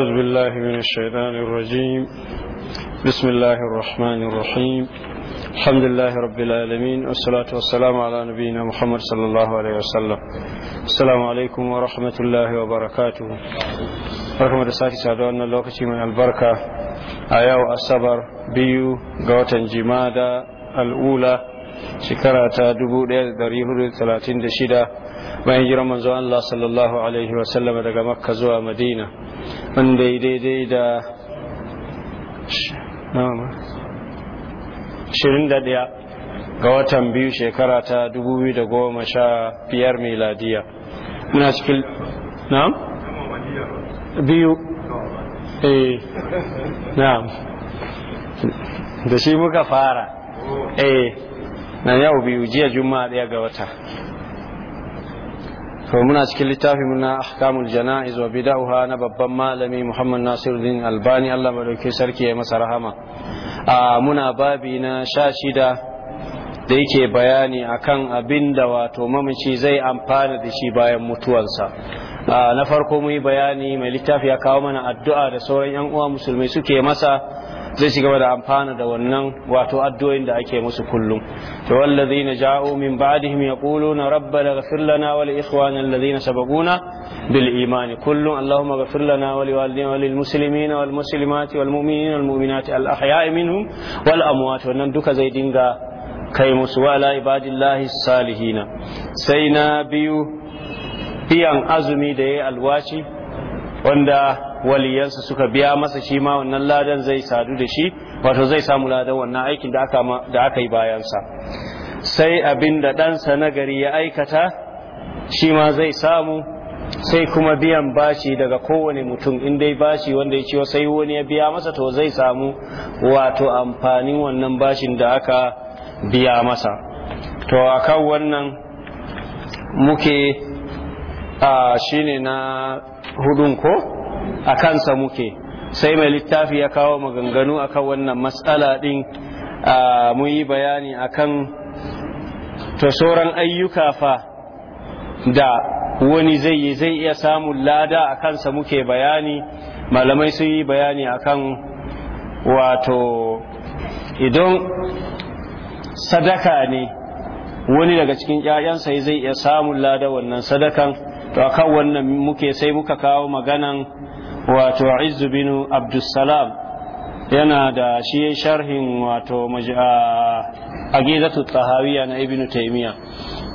أعوذ بالله من الشيطان الرجيم بسم الله الرحمن الرحيم الحمد لله رب العالمين والصلاة والسلام على نبينا محمد صلى الله عليه وسلم السلام عليكم ورحمة الله وبركاته barkamu da sake saduwa wannan lokaci mai albarka a yau asabar biyu ga watan jimada al'ula shekara ta 1436 bayan jiran manzo Allah sallallahu alaihi wasallam daga makka zuwa madina wanda ya daidai da 21 ga watan biyu shekara ta 2015 miladiya muna cikin na'am biyu eh na'am da shi muka fara eh na yau biyu jiya juma'a daya ga wata to muna cikin littafin na ahkamul jana'iz wa bid'aha na babban malami Muhammad Nasiruddin Albani Allah madauki sarki ya masa rahama a muna babi na sha shida da yake bayani akan abin da wato mamaci zai amfana da shi bayan mutuwarsa na farko mu yi bayani mai littafi ya kawo mana addu'a da sauran yan uwa musulmai suke masa zai ci gaba da amfana da wannan wato addu'o'in da ake musu kullum to wallazina ja'u min ba'dihim yaquluna rabbana na lana wa li ikhwana alladhina sabaquna bil iman kullum allahumma ighfir lana wa li walidina wa lil muslimina wal muslimati wal mu'minina wal mu'minati al ahya'i minhum wal amwat wannan duka zai dinga kai musu la ibadillahi salihina sai na biyu biyan azumi da yayi alwaci wanda waliyansa suka biya masa shi ma wannan ladan zai sadu da shi wato zai samu ladan wannan aikin da aka yi bayansa sai abin da ɗansa na gari ya aikata shi ma zai samu sai kuma biyan bashi daga kowane mutum in dai bashi wanda ya ciwo sai wani ya biya masa to zai samu wato amfanin wannan bashin da aka biya masa to a kan wannan muke a shine na hudun ko a kansa muke sai mai littafi ya kawo maganganu akan wannan matsala din mun yi bayani akan to ayyuka fa da wani zai yi zai iya samun lada a kansa muke bayani malamai sun yi bayani akan wato idan sadaka ne wani daga cikin ƴaƴansa zai iya samun lada wannan sadakan to akan wannan muke sai muka kawo maganan wato izzu bin abdussalam yana da shi sharhin wato aqidatu tahawiyya na ibnu taymiya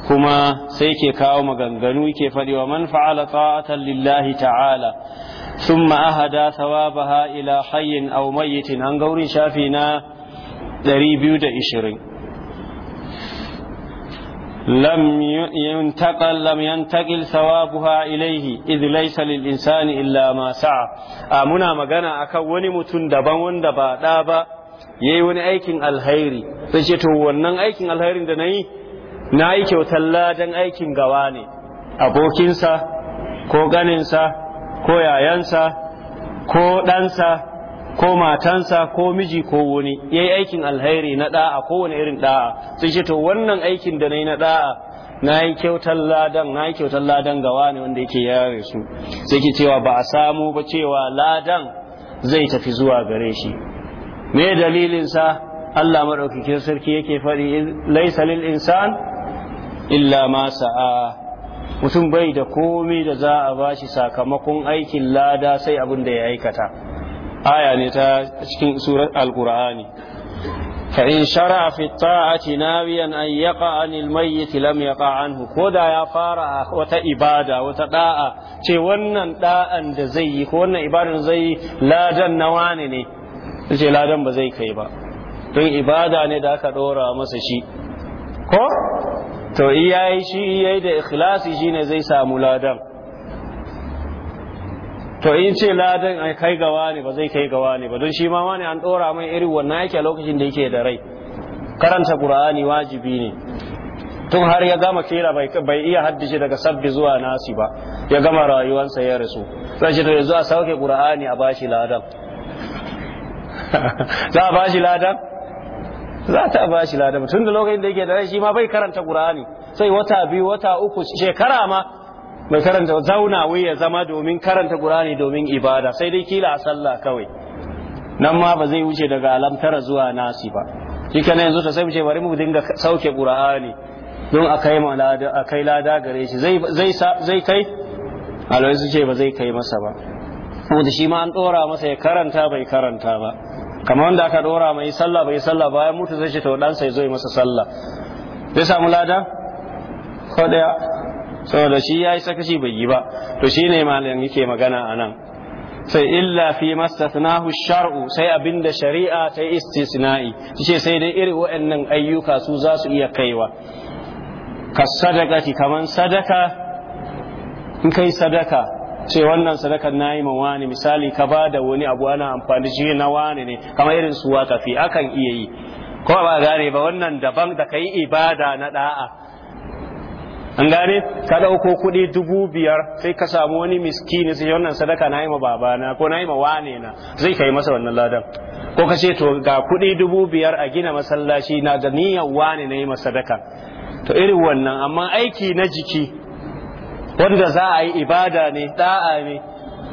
kuma sai ke kawo maganganu ke faɗiwa wa man fa'ala ta'atan lillahi ta'ala thumma ahada thawabaha ila hayyin aw mayyitin an gauri shafi na 220 لم ينتقل لم ينتقل ثوابها إليه إذ ليس للإنسان إلا ما سعى wani mutum daban wanda ba ɗa ba دابا yayi wani aikin alhairi sai to wannan aikin alhairin da na yi na yi kyautar ladan aikin gawa ne abokinsa ko ganinsa ko yayansa ko ɗansa ko matansa ko miji ko wani ya yi aikin alhairi na da'a ko wani irin da'a sai ce to wannan aikin da na yi na da'a na yi kyautar ladan na yi kyautar ladan gawa ne wanda yake yare su sai ke cewa ba a samu ba cewa ladan zai tafi zuwa gare shi me dalilinsa Allah maɗaukakin sarki yake faɗi laisalin insan illa ma sa'a mutum bai da komai da za a bashi sakamakon aikin lada sai abin da ya aikata aya ne ta cikin surar alkur'ani فإن شرع في الطاعة ناويا أن يقع عن الميت لم يقع عنه كودا يا فارع وتإبادة وتداء تي ونن داء دزي ونن إبادة زي لا جن نوانني تي لا جن بزي كيبا don ibada ne da aka dora masa shi ko to iyayi shi iyayi da ikhlasi shine zai samu ladan to in ce ladan ai kai gawa ne ba zai kai gawa ne ba don shi ma wani an dora mai irin wannan yake lokacin da yake da rai karanta qur'ani wajibi ne tun har ya gama kera bai iya haddace daga sabbi zuwa nasi ba ya gama rayuwarsa ya rasu sai shi to yanzu a sauke qur'ani a bashi ladan za a bashi ladan za ta ba shi ladan tun da lokacin da yake da rai shi ma bai karanta qur'ani sai wata biyu wata uku shekara ma mai karanta zauna wai ya zama domin karanta Qur'ani domin ibada sai dai kila a sallah kawai nan ma ba zai wuce daga alamtara zuwa nasi ba shikenan yanzu ta sai mu ce bari mu dinga sauke Qur'ani don a kai lada a kai lada gare shi zai zai zai kai alwai su ce ba zai kai masa ba da shi ma an dora masa ya karanta bai karanta ba kamar wanda aka dora mai sallah bai sallah bayan mutu zai ce to dan sai zo masa sallah zai samu lada ko daya saboda shi ya yi sakaci bai yi ba to shi ne malam yake magana anan sai illa fi mastathnahu shar'u sai abinda shari'a ta yi istisna'i ce sai dai irin waɗannan ayyuka su za su iya kaiwa Ka sadaka ki kaman sadaka in kai sadaka ce wannan sadaka na yi wani misali ka ba da wani abu ana amfani shi na wani ne kamar irin su wakafi akan iya yi ko ba gane ba wannan daban da ka yi ibada na da'a an gane ka ɗauko kuɗi dubu biyar sai ka samu wani miskini sai wannan sadaka na yi ma babana ko na yi ma wane na zai kai masa wannan ladan ko ka ce to ga kuɗi dubu biyar a gina masallaci na da niyyar wane na yi ma sadaka to irin wannan amma aiki na jiki wanda za a yi ibada ne da'a ne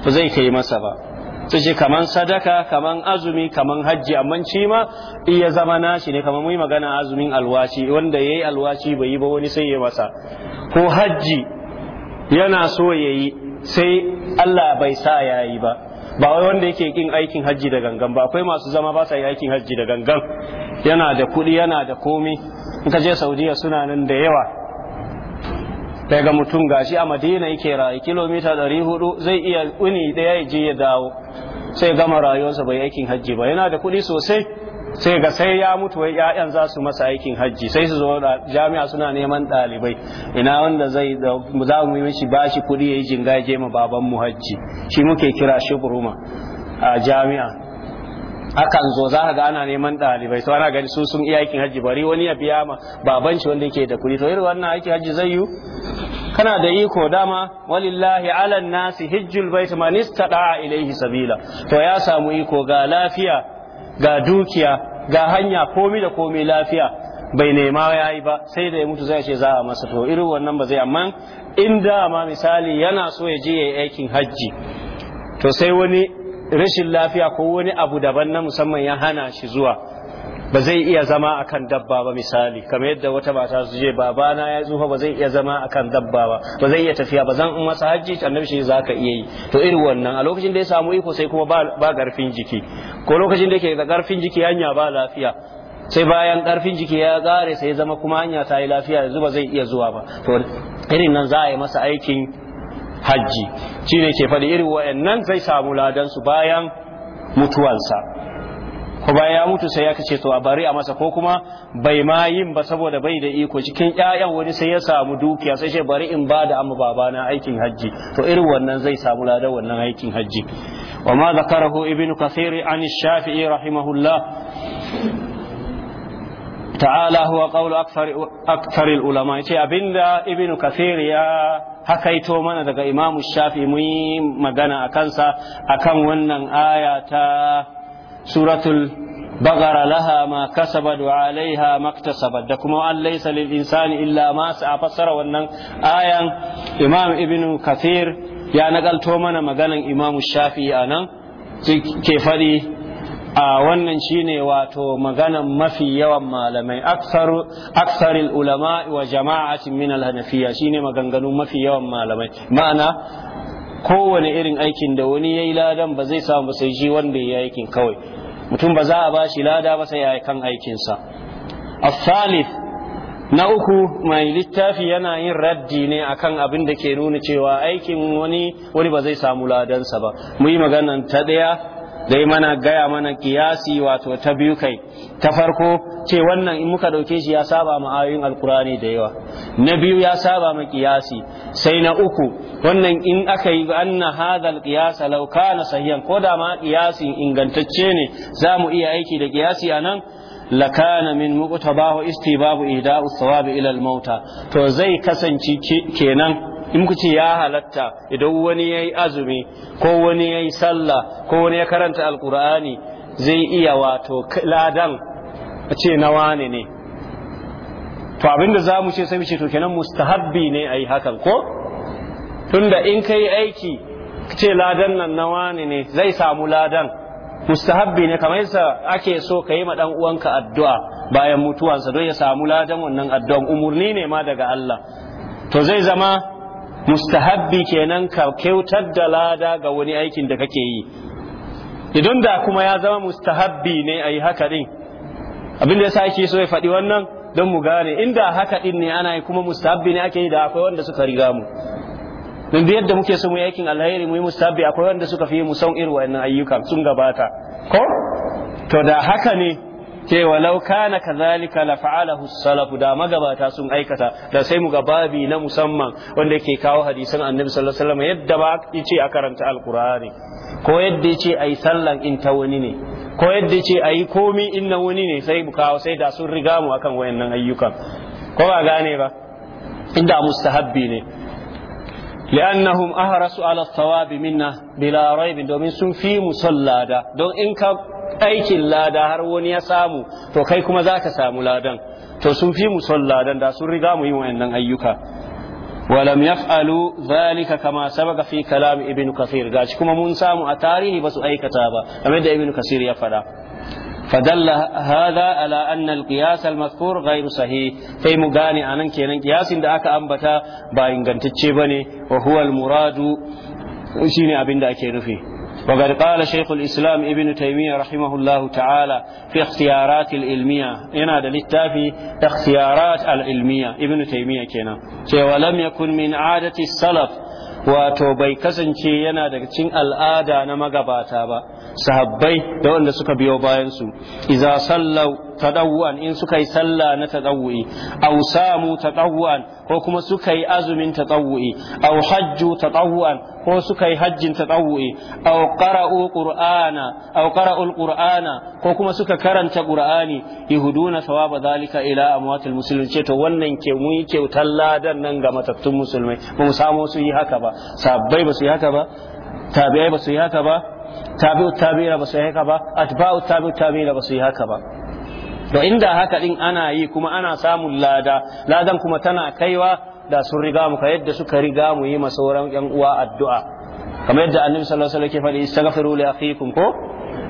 zai kai masa ba su ce kaman sadaka kaman azumi kaman hajji amma ci ma iya zama nashi ne kaman muyi magana azumin alwashi wanda yayi alwashi bai yi ba wani sai ya masa ko hajji yana so yayi sai Allah bai sa yayi ba ba wai wanda yake kin aikin hajji da gangan ba akwai masu zama ba sa yi aikin hajji da gangan yana da kuɗi yana da komi in ka je Saudiya suna nan da yawa sai ga mutum gashi a madina yake rayu kilomita ɗari hudu zai iya uni ɗaya ya je ya dawo sai gama rayuwarsa bai aikin hajji ba yana da kuɗi sosai sai ga sai ya mutu wai 'ya'yan za su masa aikin hajji sai su zo da jami'a suna neman ɗalibai ina wanda zai za mu yi shi bashi kuɗi ya yi jinga je ma baban hajji shi muke kira shubruma a jami'a akan zo za ka ga ana neman ɗalibai to ana gani su sun iya aikin hajji bari wani ya biya ma baban shi wanda yake da kuɗi to irin wannan aikin hajji zai yi kana da iko dama walillahi ala nasi hijjul bait man istata'a ilayhi sabila to ya samu iko ga lafiya ga dukiya ga hanya komi da komi lafiya bai nema ya yi ba sai da ya mutu zai ce za a masa to irin wannan ba zai amma in dama misali yana so ya je ya yi aikin hajji to sai wani rashin lafiya ko wani abu daban na musamman ya hana shi zuwa ba zai iya zama akan dabba ba misali kamar yadda wata mata su je babana ya tsufa ba zai iya zama akan dabba ba ba zai iya tafiya ba zan in masa hajji annabi shi zaka iya yi to irin wannan a lokacin da ya samu iko sai kuma ba garfin jiki ko lokacin da yake da garfin jiki hanya ba lafiya sai bayan karfin jiki ya gare sai zama kuma hanya ta yi lafiya yanzu ba zai iya zuwa ba to irin nan za a yi masa aikin hajji shi ne ke faɗi irin nan zai samu ladan su bayan mutuwansa ko bayan ya mutu sai ya kace to a bari a masa ko kuma bai ma yin ba saboda bai da iko cikin ƴaƴan wani sai ya samu dukiya sai ce bari in ba da amma babana aikin hajji to irin wannan zai samu ladan wannan aikin hajji wa ma zakarahu ibnu عن an shafi'i rahimahullah ta'ala huwa qawlu akthar akthar ulama yace abinda ibinu kathir ya hakaito mana daga imamu shafi muyi magana akan sa akan wannan aya ta suratul بغر لها ما كسبت وعليها ما da kuma an laysa lil insani illa ma sa'a fassara wannan ayan imam ibinu kathir ya nagalto mana maganan imam shafi anan ke fadi a wannan shine wato maganan mafi yawan malamai aksaril ulama wa jama'atin min al-hanafiya shine maganganu mafi yawan malamai ma'ana kowane irin aikin da wani yayi ladan ba zai samu ba sai shi wanda ya aikin kawai mutum ba za a bashi lada ba sai ya kan aikinsa as-salif na uku mai littafi yana yin raddi ne akan abin da ke nuna cewa aikin wani wani ba zai samu ladansa ba mu yi maganan ta ɗaya Dai mana gaya mana kiyasi wato ta biyu kai ta farko ce wannan in muka dauke shi ya saba ma ayoyin alkurani da yawa na biyu ya saba ma kiyasi sai na uku wannan in aka yi anna hadal qiyasa law kana sahihan ko da ma kiyasi ingantacce ne za mu iya aiki da kiyasi anan. nan lakana min muqtabahu istibabu ida'u thawabi ila al-mauta to zai kasance kenan in muka ce ya halatta idan wani ya yi azumi ko wani ya yi sallah ko wani ya karanta alkur'ani zai iya wato ladan a ce na wane ne to abinda za mu ce sai ce to kenan mustahabbi ne a yi hakan ko tunda in ka yi aiki ce ladan nan na wane ne zai samu ladan mustahabbi ne kamar yadda ake so ka yi ma dan uwanka addu'a bayan mutuwansa don ya samu ladan wannan addu'an umurni ne ma daga Allah to zai zama mustahabbi kenan ka kyautar da lada ga wani aikin da kake yi idan da kuma ya zama mustahabbi ne a yi haka din abin da yasa ake so ya faɗi wannan don mu gane inda haka din ne ana yi kuma mustahabbi ne ake yi da akwai wanda suka riga mu don da yadda muke so mu yi aikin alheri mu yi mustahabbi akwai wanda suka fi mu son irin wannan ayyuka sun gabata ko to da haka ne cewa laukana ka zalika la salafu da magabata sun aikata da sai mu babi na musamman wanda ke kawo hadisan annabi sallallahu alaihi yadda ba ce a karanta alqur'ani ko yadda ce a yi sallan in ta wani ne ko yadda ce a yi komi in na wani ne sai mu kawo sai da sun riga mu akan wayannan ayyukan ko ba gane ba inda mustahabbi ne لأنهم أهرسوا على minna منا بلا ريب دومين سن في مصلى دا in ka. aikin lada har wani ya samu to kai kuma za ka samu ladan to sun fi mu son ladan da sun riga mu yi wayannan ayyuka ولم يفعلوا ذلك كما سبق في كلام Kasir. Ga gashi kuma mun samu a tarihi basu aikata ba game da Ibin kasir ya fada فدل هذا على أن القياس المذكور غير صحيح في مغاني أنا kenan قياس da aka ambata ba ingantacce bane wa huwa al muradu shine abin da ake nufi وقد قال شيخ الإسلام ابن تيمية رحمه الله تعالى في اختيارات العلمية هنا للتافي اختيارات العلمية ابن تيمية كنا ولم يكن من عادة السلف wato bai kasance yana daga cikin al'ada na magabata ba sahabbai da wanda suka biyo bayansu iza sallau tadawwan in suka yi sallah na tadawwi aw samu tadawwan ko kuma suka yi azumin tadawwi aw hajju tadawwan ko suka yi hajjin tadawwi aw qara'u qur'ana aw qara'u qur'ana ko kuma suka karanta qur'ani yuhduna thawaba zalika ila amwatil muslimin ce to wannan ke mun yi kyautar ladan nan ga matattun musulmai ba mu samu su yi haka ba sabbai ba su yi haka ba tabi'ai ba su yi haka ba tabi'u tabi'ina ba su yi haka ba atba'u tabi'u tabi'ina ba su yi haka ba to inda haka din ana yi kuma ana samun lada ladan kuma tana kaiwa da sun riga mu ka yadda suka riga mu yi masauran yan uwa addu'a kamar yadda annabi sallallahu alaihi wasallam ke faɗi istaghfiru li akhikum ko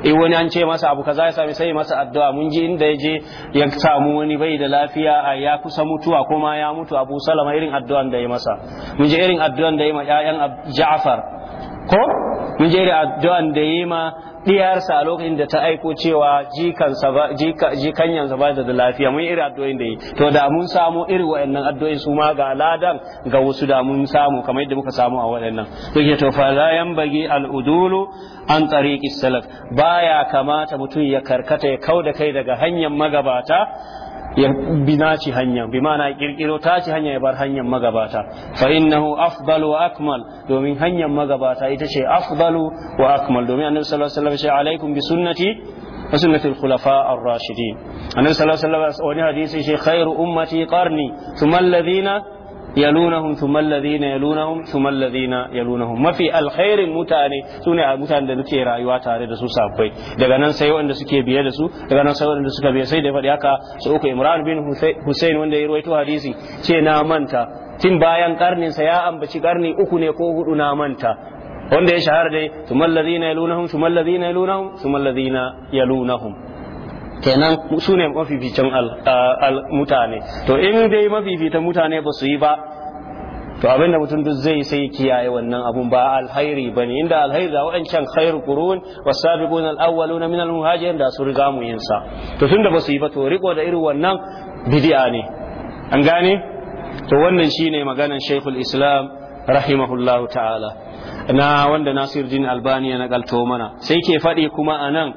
in wani an ce masa abu kaza ya sami sai masa addu'a mun ji inda ya je ya samu wani bai da lafiya a ya kusa mutuwa ko ma ya mutu abu salama irin addu'an da ya masa mun ji irin addu'an da ya ma ƴaƴan Ja'far ko mun je da addu'an da yi ma ɗiyarsa a lokacin da ta aiko cewa jikanyansa ba da lafiya mun iri addu'o'in da yi to da mun samu iri waɗannan addu'o'in su ma ga ladan ga wasu da mun samu kamar yadda muka samu a nan. yake to fa la yanbaghi al udulu an tariqi salaf baya kamata mutum ya karkata ya da kai daga hanyar magabata ya bi ci hanya bi ma'ana kirkiro ta ci hanya ya bar hanyar magabata fa innahu afdalu wa akmal domin hanyar magabata ita ce afdalu wa akmal domin annabi sallallahu alaihi wasallam ya ce alaikum bi sunnati wa sunnati al-khulafa ar-rashidin annabi sallallahu alaihi wasallam wani hadisi shi khairu ummati qarni thumma alladhina yalunahum thumma alladhina yalunahum thumma alladhina yalunahum mafi alkhairin mutane sune a mutanen da nake rayuwa tare da su sabai daga nan sai wanda suke biye da su daga nan sai wanda suka biye sai da fadi haka su uku Imran bin Hussein wanda ya ruwaito hadisi ce na manta tun bayan karninsa ya ambaci karni uku ne ko hudu na manta wanda ya shahara dai thumma alladhina yalunahum thumma alladhina yalunahum thumma alladhina yalunahum kenan su ne mafificin mutane to in dai mafifitan mutane ba su yi ba to abinda mutum duk zai sai kiyaye wannan abun ba alhairi ba ne inda alhairi da waɗancan khairu qurun wasabiqun alawwaluna min almuhajirin da su riga mu yin sa to tunda ba su yi ba to riko da irin wannan bid'a ne an gane to wannan shine maganar shaykhul islam rahimahullahu ta'ala na wanda nasir din albani ya nakalto mana sai ke faɗi kuma a nan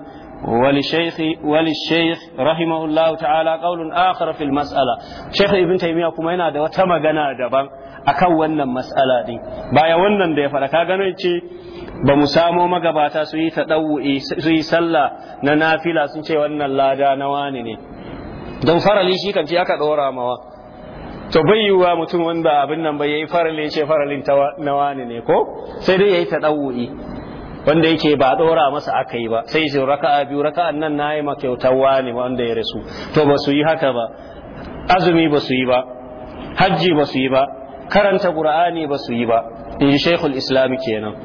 وللشيخ وللشيخ رحمه الله تعالى قول اخر في المساله شيخ ابن تيميه كما yana da wata magana daban akan wannan mas'ala din baya wannan da ya fara ka gano ce ba mu samo magabata su yi tadawu'i su yi sallah na nafila sun ce wannan lada na wani ne don farali shi kan ce aka dora mawa to bai yiwuwa mutum wanda abin nan bai yi farali ce faralin na wani ne ko sai dai yayi tadawu'i wanda yake ba dora masa aka yi ba sai su raka'a biyu raka'an nan na ma makyautawa ne wanda ya rasu to ba su yi haka ba azumi ba su yi ba hajji ba su yi ba karanta qur'ani ba su yi ba in ji shaykhul islam kenan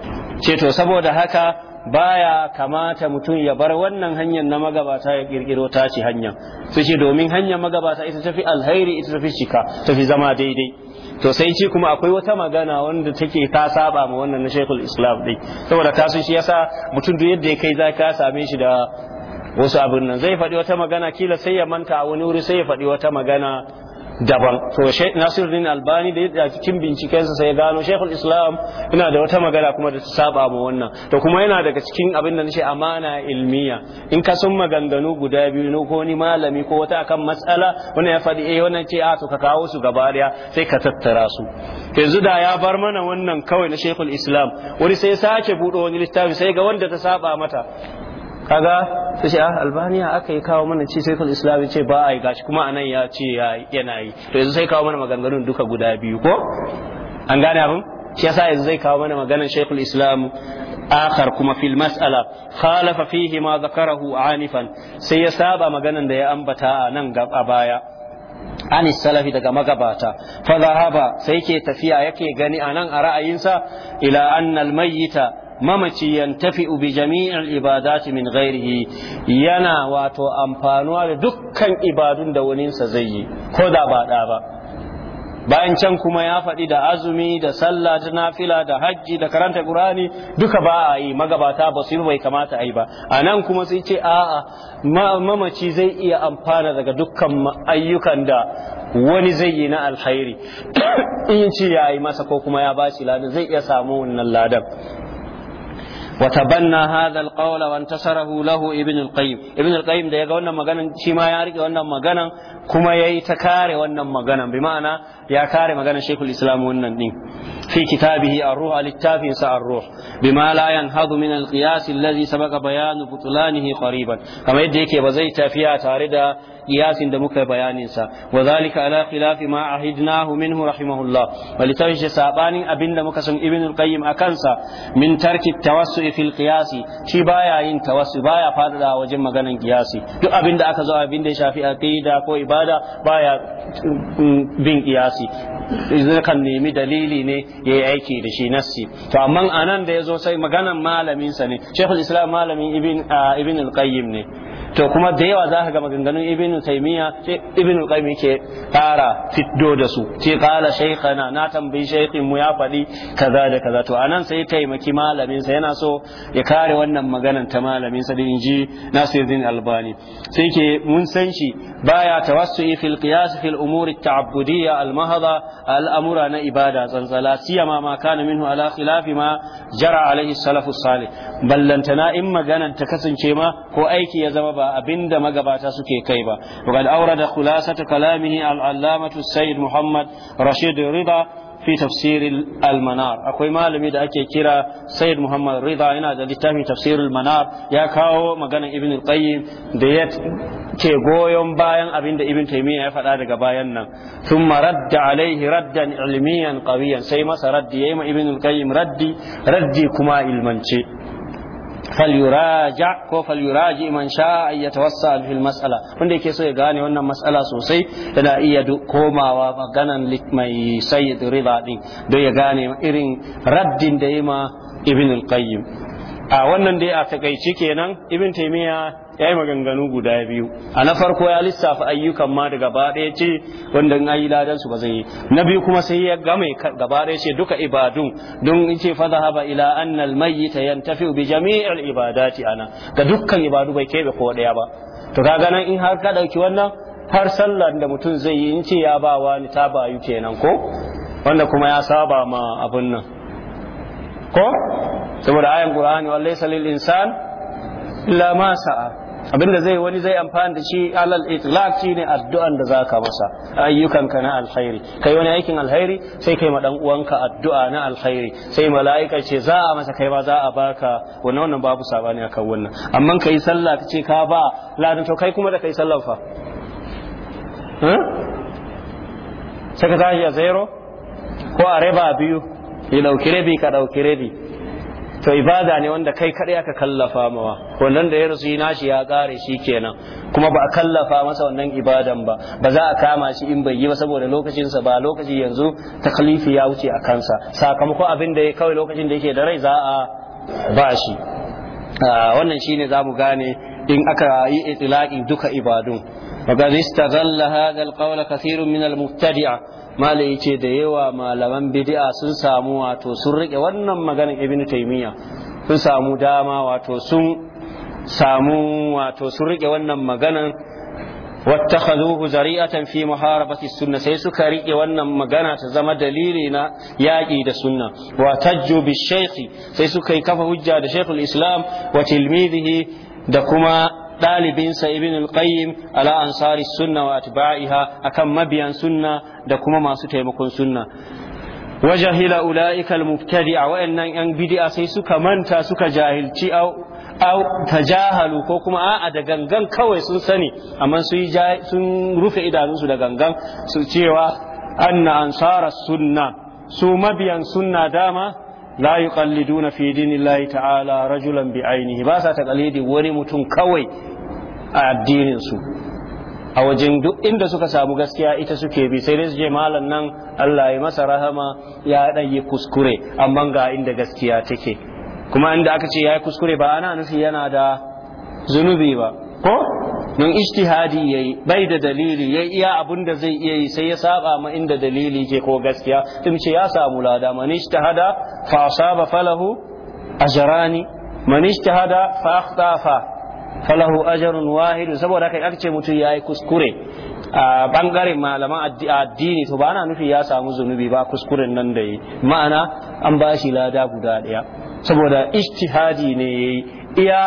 ce to saboda haka baya kamata mutum ya bar wannan hanyar na magabata ya kirkiro tashi hanya su ce domin hanyar magabata ita tafi alhairi ita tafi shika tafi zama daidai to sai ce kuma akwai wata magana wanda take ta saba ma wannan na shaykhul islam din saboda ta kasu shi yasa mutum duk yadda ya kai za ka same shi da wasu abin nan zai faɗi wata magana kila sai ya manta a wani wuri sai ya faɗi wata magana daban to nasiruddin albani da ya cikin bincikensa sai gano shekul islam yana da wata magana kuma da ta saba ma wannan to kuma yana daga cikin abin da nace amana ilmiya in ka sun maganganu guda biyu ko ni malami ko wata akan matsala wannan ya faɗi eh wannan ce a to ka kawo su gaba daya sai ka tattara su yanzu da ya bar mana wannan kawai na shekul islam wani sai sake buɗe wani littafi sai ga wanda ta saba mata kaga su ce ah, albaniya aka yi kawo mana ce shekul islam ce ba a yi gashi kuma anan ya ce yana yi to yanzu sai kawo mana maganganun duka guda biyu ko an gane abin shi yasa yanzu zai kawo mana maganan shekul islam akhar kuma fil mas'ala khalafa fihi ma zakarahu anifan sai ya saba maganan da ya ambata a nan a baya an salafi daga magabata fa zahaba sai ke tafiya yake gani anan a ra'ayinsa ila annal mayyita mamaci yantafi ubi jami'il ibadati min ghairihi yana wato amfanuwa da dukkan ibadun da waninsa zai yi ko da ba da ba bayan can kuma ya faɗi da azumi da sallah da nafila da hajji da karanta qur'ani duka ba a yi magabata ba su bai kamata a yi ba a nan kuma sai ce a'a mamaci zai iya amfana daga dukkan ayyukan da wani zai yi na alkhairi in ce ya yi masa ko kuma ya ba shi ladan zai iya samu wannan ladan وتبنى هذا القول وانتصره له ابن القيم ابن القيم da yaga wannan maganan shi ma ya rike wannan maganan kuma yayi ta kare wannan maganan bi ma'ana ya kare maganan Sheikhul Islam wannan din في كتابه الروح للتافي الروح بما لا ينهض من القياس الذي سبق بيان بطلانه قريبا كما يديك وزي تافيا تاردا قياس دمك بيان وذلك على خلاف ما عهدناه منه رحمه الله ولتوجه سابان أبن دمك ابن القيم أكنسا من ترك التوسع في القياس شي بايا ين توسع بايا فادا وجم مغانا قياسي دو أبن دا أكزو أبن دا شافي أقيدا كو إبادة بايا بين قياسي kan nemi dalili ne ya yi aiki da shi nassi to amma anan da ya zo sai maganan malamin sa ne shekul islam malamin ibn ah, al-qayyim ne to kuma da yawa za ka ga maganganun ibn taymiya ibn qayyim fara fiddo da su ce qala shaykhana na tambayi shaykhin mu ya faɗi kaza da kaza to anan sai taimaki malamin sa yana so ya kare wannan maganan ta malamin sa din ji Nasiruddin Albani sai ke mun san shi baya tawassu'i fil qiyas fil umuri taabbudiyya al-mahdha al-amura na ibada zanzala. siyama ma kana minhu ala khilafi ma jara alaihi salafus salih ballantana in maganan ta kasance ma ko aiki ya zama ba abinda magabata suke kai ba وقد ta خلاصة كلامه sayyid muhammad rashid rida fi tafsir al- manar akwai malami da ake kira Sayyid Muhammad Rida yana da littafin tafsir al-manar ya kawo magana Ibn al-Qayyim da ya ke goyon bayan abinda da Ibn Taymiyyah ya faɗa daga bayan nan thumma radda alaihi raddan ilmiyan qawiyan sai masa raddi yayi ma Ibn al-Qayyim raddi raddi kuma ilmance فليراجع كو فليراجع man شاء ان يتوسع في المساله wanda yake so ya gane wannan mas'ala sosai yana iya komawa maganan mai sayyid rida din don ya gane irin raddin da yima ibn al-qayyim a wannan dai a takaici kenan ibn taymiya ya yi maganganu guda biyu a na farko ya lissafa ayyukan ma da gaba ɗaya ce wanda in ayi ladan su ba zai yi na biyu kuma sai ya game gaba ɗaya ce duka ibadun don in ce fada haba ila annal mayyita yantafi bi jami'il ibadati ana ga dukkan ibadu bai kebe ko ɗaya ba to kaga nan in har ka ɗauki wannan har sallar da mutum zai yi in ce ya ba wa ni ta bayu kenan ko wanda kuma ya saba ma abun nan ko saboda ayan qur'ani wallahi salil insan illa ma sa'a abinda zai wani zai amfani da shi alal itlaq ne addu'an da zaka masa ayyukanka na alkhairi kai wani aikin alkhairi sai kai ma dan uwanka addu'a na alkhairi sai mala'ika ce za a masa kai ma za a baka wannan wannan babu sabani akan wannan amma kai sallah kace ka ba ladan to kai kuma da kai sallah fa sai ka tashi a zero ko a raba biyu ya dauki rabi ka dauki rabi to ibada ne wanda kai kadai aka kallafa mawa wannan da ya rasu nashi ya kare shi kenan kuma ba a kallafa masa wannan ibadan ba ba za a kama shi in bai yi ba saboda lokacinsa ba lokaci yanzu takalifi ya wuce a kansa sakamakon abin da kawai lokacin da yake da rai za a ba shi ah, wannan shine za mu gane in aka yi itilaƙin duka ibadun وقد استغل هذا القول كثير من المبتدعة ما ليتي ديوا ما لمن بدعة سن سامو واتو سن رike wannan maganar ibnu taymiya sun samu dama wato sun samu wato sun rike wannan maganan واتخذوه زريعة في محاربة السنة سيسك رئي وانا مغانا تزم دليلنا ياجي دا سنة وتجو بالشيخ سيسك يكفى هجة دا شيخ الإسلام وتلميذه دا كما ɗalibinsa ibn al-qayyim ala ansari sunna wa atba'iha akan mabiyan sunna da kuma masu taimakon sunna wajahila ula'ika al-mubtadi'a wa'annan yan bid'a sai suka manta suka jahilci au tajahalu ko kuma a'a da gangan kawai sun sani amma sun rufe idanunsu da gangan su cewa anna ansara sunna su mabiyan sunna dama la yuqalliduna fi dinillahi ta'ala rajulan bi ainihi ba sa taqalidi wani mutum kawai a addinin su a wajen duk inda suka samu gaskiya ita suke bi sai dai su je malam nan Allah ya masa rahama ya dan yi kuskure amma ga inda gaskiya take kuma inda aka ce ya yi kuskure ba ana nufi yana da zunubi ba ko don ijtihadi yayi bai da dalili ya iya abun da zai iya yi sai ya saba ma inda dalili ke ko gaskiya tun ce ya samu lada man ijtihada fa asaba falahu ajrani man ijtihada fa akhtafa falahu ajrun wahid saboda kai aka mutu mutum yayi kuskure a bangaren malaman addini to ba ana nufi ya samu zunubi ba kuskuren nan da yi ma'ana an bashi lada guda daya saboda ijtihadi ne yayi iya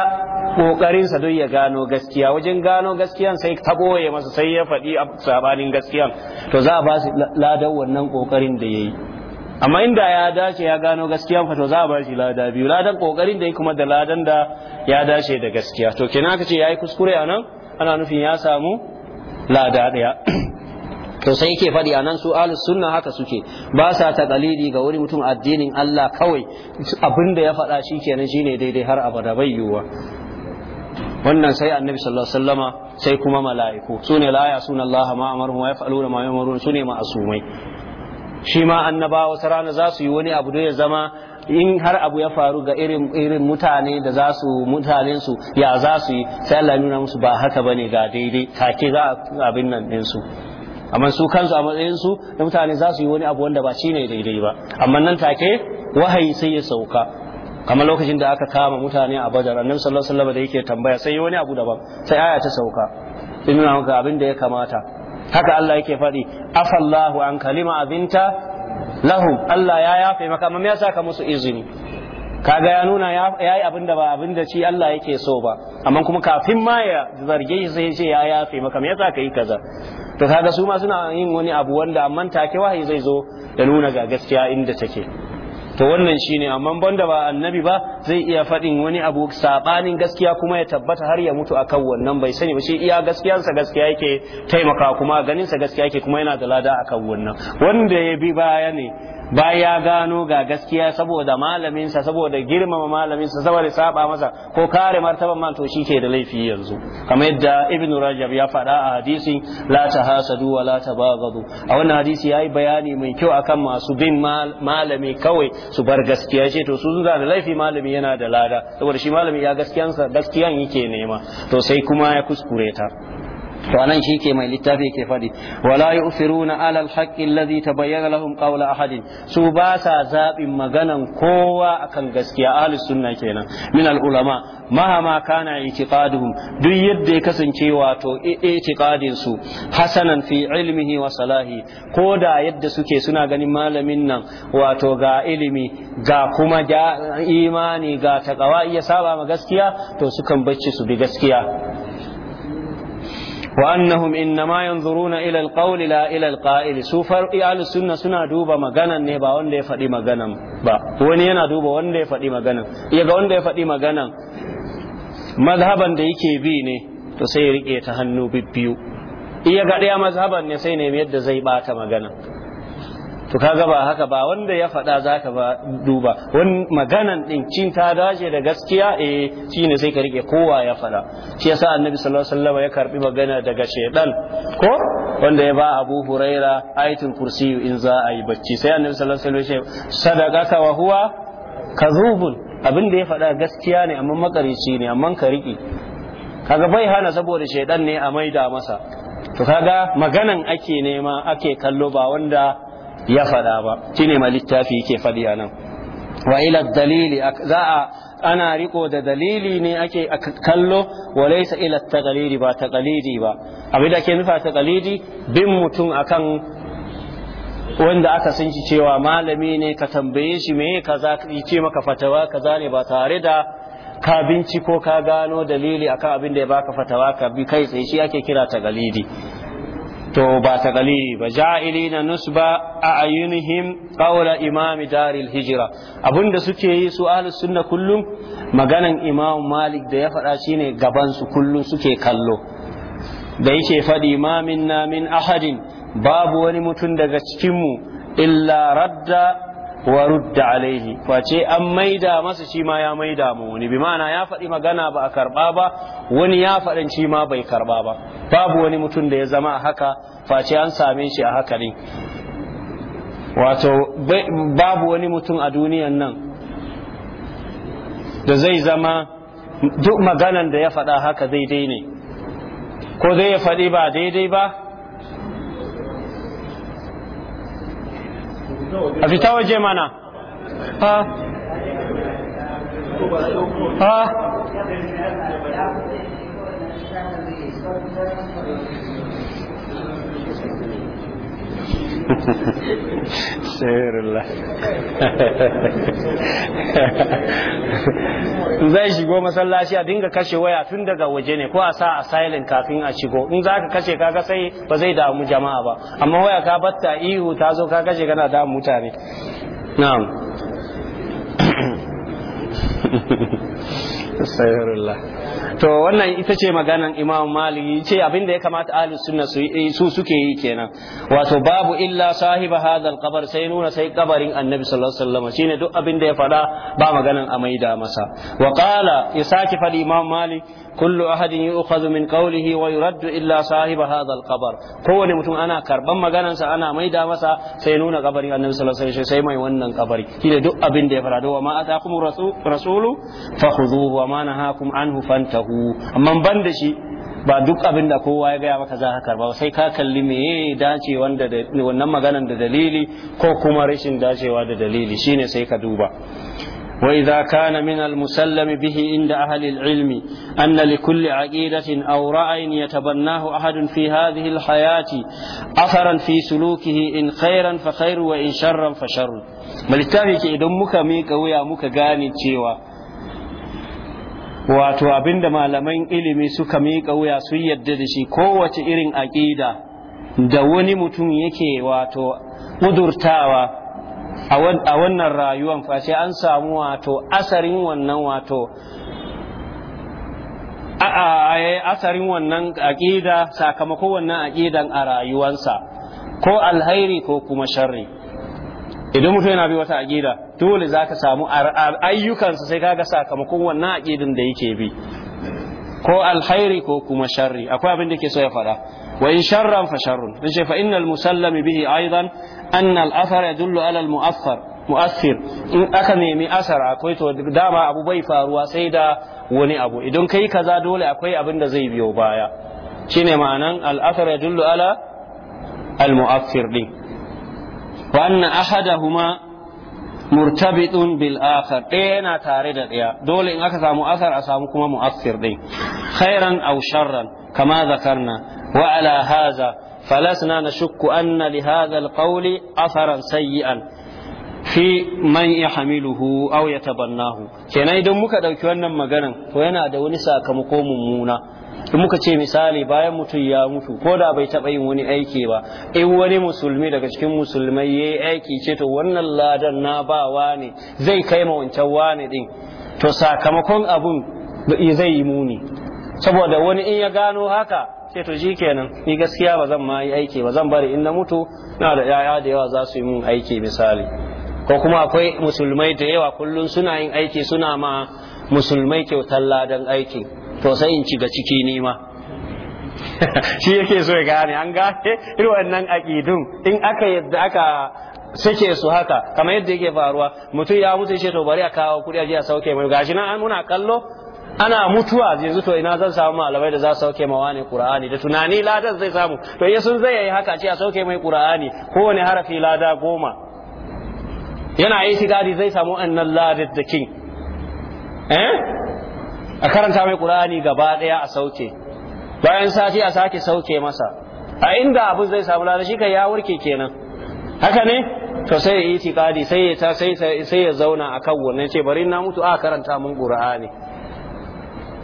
kokarinsa don ya gano gaskiya wajen gano gaskiyan sai ta boye masa sai ya faɗi a sabanin gaskiyan to za a ba shi ladan wannan kokarin da yayi amma inda ya dace ya gano gaskiya fa to za a ba shi lada biyu ladan kokarin da ya kuma da ladan da ya dace da gaskiya to kenan aka ce yayi kuskure a nan ana nufin ya samu lada daya to sai yake faɗi a nan su ahlus sunna haka suke ba sa ta dalili ga wani mutum addinin Allah kawai abinda ya faɗa shi kenan shine daidai har abada bai yiwuwa wannan sai annabi sallallahu alaihi wasallama sai kuma mala'iku sune la yasuna Allah ma amaru wa yaf'aluna ma yu'marun sune ma'asumai shi ma annabawa wata rana za su yi wani abu da ya zama in har abu ya faru ga irin irin mutane da za su mutanen su ya za su yi sai Allah nuna musu ba haka bane ga daidai take za abin nan din su amma su kansu a matsayin su da mutane za su yi wani abu wanda ba shine daidai ba amma nan take wahayi sai ya sauka kamar lokacin da aka kama mutane a badar annabi sallallahu alaihi wasallam da yake tambaya sai wani abu daban sai aya ta sauka In nuna maka abin da ya kamata haka Allah yake faɗi afallahu an kalima abinta lahu Allah ya yafe maka amma me yasa ka musu izini kaga ya nuna ya yi abin da ba abin da shi Allah yake so ba amma kuma kafin ma ya zarge shi sai ce ya yafe maka me yasa kai kaza to kaga su ma suna yin wani abu wanda amma take wahayi zai zo da nuna ga gaskiya inda take to wannan shine amma banda ba annabi ba zai iya faɗin wani abu sabanin gaskiya kuma ya tabbata har ya mutu akan wannan bai sani ba shi iya gaskiyansa gaskiya yake taimaka kuma ganinsa gaskiya yake kuma yana da lada akan wannan wanda ya bi baya ne ya gano ga gaskiya saboda malaminsa saboda girmama malaminsa saboda saba masa ko kare martaban man to shike da laifi yanzu kamar yadda ibnu rajab ya faɗa a hadisi la tahasadu wa la tabaghadu a wannan hadisi yayi bayani mai kyau akan masu bin malami kawai su bar gaskiya ce to su da laifi malami yana da lada saboda shi malami ya gaskiyansa gaskiyan yake nema to sai kuma ya kuskure ta to anan shi ke mai littafi ke fadi wala yu'thiruna ala alhaqqi alladhi tabayyana lahum qawla ahadin su ba sa zabin maganan kowa akan gaskiya ahli sunna kenan min ulama mahama kana i'tiqaduhum duk yadda ya kasance wato i'tiqadin su hasanan fi ilmihi wa salahi ko da yadda suke suna ganin malamin nan wato ga ilimi ga kuma imani ga takawa iya saba gaskiya to sukan bacci su bi gaskiya wa annahum innama yanzuruna ila alqawl la ila alqa'il su far'i ahlus sunna suna duba maganan ne ba wanda ya faɗi maganan ba wani yana duba wanda ya faɗi maganan ya ga wanda ya faɗi maganan mazhaban da yake bi ne to sai ya ta hannu bibbiyu iya ga ɗaya mazhaban ne sai ne yadda zai bata magana to kaga ba haka ba wanda ya faɗa zaka ba duba wani maganan ɗin cin ta dace da gaskiya eh shine sai ka rike kowa ya faɗa shi yasa annabi sallallahu alaihi wasallam ya karbi magana daga shedan ko wanda ya ba Abu Huraira ayatul kursi in za a yi bacci sai annabi sallallahu alaihi wasallam ya ce ka wa huwa kadhubun abin da ya faɗa gaskiya ne amma makarici ne amma ka rike kaga bai hana saboda shedan ne a maida masa to kaga maganan ake nema ake kallo ba wanda ya faɗa ba shine ma littafi yake faɗi a nan wa ila dalili za a ana riko da dalili ne ake kallo wa laysa ila taqlidi ba taqlidi ba abin da ke nufa taqlidi bin mutum akan wanda aka san shi cewa malami ne ka tambaye shi me kaza ce maka fatawa kaza ne ba tare da ka binci ko ka gano dalili akan abin da ya baka fatawa ka bi kai tsaye shi ake kira taqlidi to ba ta kalili ba ja'ilina nusba a ayyunihim ƙaura imami daril hijira abinda suke yi su ahlus sunna kullum maganan imam malik da ya faɗa shine gaban su kullum suke kallo da yake faɗi imamin na min ahadin babu wani mutum daga cikinmu illa radda wa rudda alaihi face an maida masa shi ma ya maida mu wani bi ma'ana ya faɗi magana ba a karba ba wani ya faɗin shi ma bai karba ba babu wani mutum da ya zama a haka face an same shi a haka ne wato babu wani mutum a duniyan nan da zai zama duk maganan da ya faɗa haka daidai ne ko dai ya faɗi ba daidai ba a fita waje mana ha ha Sahirullah. Zai shigo masallaci a dinga kashe waya tun daga waje ne ko a sa a silent kafin a shigo. In zaka kashe kaga sai ba zai damu jama'a ba. Amma waya ka batta ihu ta zo ka kashe kana damu mutane. Na'am. to wannan ita ce maganan imam malik ce abin da ya kamata ahlus sunna su suke yi kenan wato babu illa sahiba hadal kabar sai nuna sai kabarin annabi sallallahu alaihi wasallam shine duk abin da ya fada ba maganan a maida masa wa qala ya saki fadi imam malik kullu ahadin yu'khadhu min qawlihi wa yuraddu illa sahiba hadal kabar kowane mutum ana karban sa ana maida masa sai nuna kabarin annabi sallallahu alaihi wasallam sai mai wannan kabari shine duk abin da ya faɗa wa ma atakum rasulu fakhudhuhu wa ma nahakum anhu fantahu lahu amma ban da shi ba duk abin da kowa ya gaya maka za ka karba sai ka kalli me ya dace wanda da wannan maganan da dalili ko kuma rashin dacewa da dalili shine sai ka duba wa idza kana min al musallam bihi inda ahli al ilm an li kulli aqidatin aw ra'ayn yatabannahu ahadun fi hadhihi al hayati atharan fi sulukihi in khairan fa khairu wa in sharran fa sharr malittafi idan muka mika wuya muka gane cewa wato abinda malaman ilimi suka miƙa wuya sun yadda da shi kowace irin aƙida da wani mutum yake wato ƙudurtawa a wannan rayuwan sai an samu wato asarin wannan wato asarin wannan aƙida sakamakon wannan aƙidan a rayuwansa ko alhairi ko kuma sharri idan mutum yana bi wata aqida dole zaka samu ayyukansa sai kaga sakamakon wannan aqidin da yake bi ko alkhairi ko kuma sharri akwai abin da ke so ya faɗa wa in sharran fa sharrun in ce fa innal musallami bihi aidan anna al athar yadullu ala al muaththar muaththir in aka nemi asar akwai to dama abu bai faruwa sai da wani abu idan kai kaza dole akwai abin da zai biyo baya shine ma'anan al athar yadullu ala al muaththir din Wannan ahadahuma murtabitun bil akhar ɗaya yana tare da ɗaya dole in aka samu asar a samu kuma mu'assir ɗin khairan aw sharran kama zakarna wa ala haza falasna nashukku anna li hadha al qawli asaran sayyi'an fi man ya aw yatabannahu kenan idan muka dauki wannan maganan to yana da wani sakamako mummuna in muka ce misali bayan mutum ya mutu ko da bai taɓa yin wani aiki ba in wani musulmi daga cikin musulmai ya yi aiki ce to wannan ladan na ba ne zai kai ma wancan wane din to sakamakon abun zai yi muni saboda wani in ya gano haka ce to shi kenan ni gaskiya ba zan ma yi aiki ba zan bari in na mutu na da 'ya'ya da yawa za su yi mun aiki misali ko kuma akwai musulmai da yawa kullum suna yin aiki suna ma musulmai kyautar ladan aiki to sai in ga ciki nima shi yake so ya gane an gane irin wannan aƙidun in aka yadda aka sake su haka kamar yadda yake faruwa mutum ya mutu shi to bari a kawo kuɗi a ji a sauke mai gashi nan muna kallo ana mutuwa yanzu to ina zan samu malamai da za su sauke ma wani qur'ani da tunani ladan zai samu to ya sun zai yi haka ce a sauke mai qur'ani kowane harafi lada goma yana gadi zai samu annan ladad da king eh a karanta mai qur'ani gaba ɗaya a sauke bayan sati a sake sauke masa a inda abin zai samu lada shi ya warke kenan haka ne to sai ya yi sai sai ya zauna a akan wannan ce bari na mutu a karanta mun ƙur'ani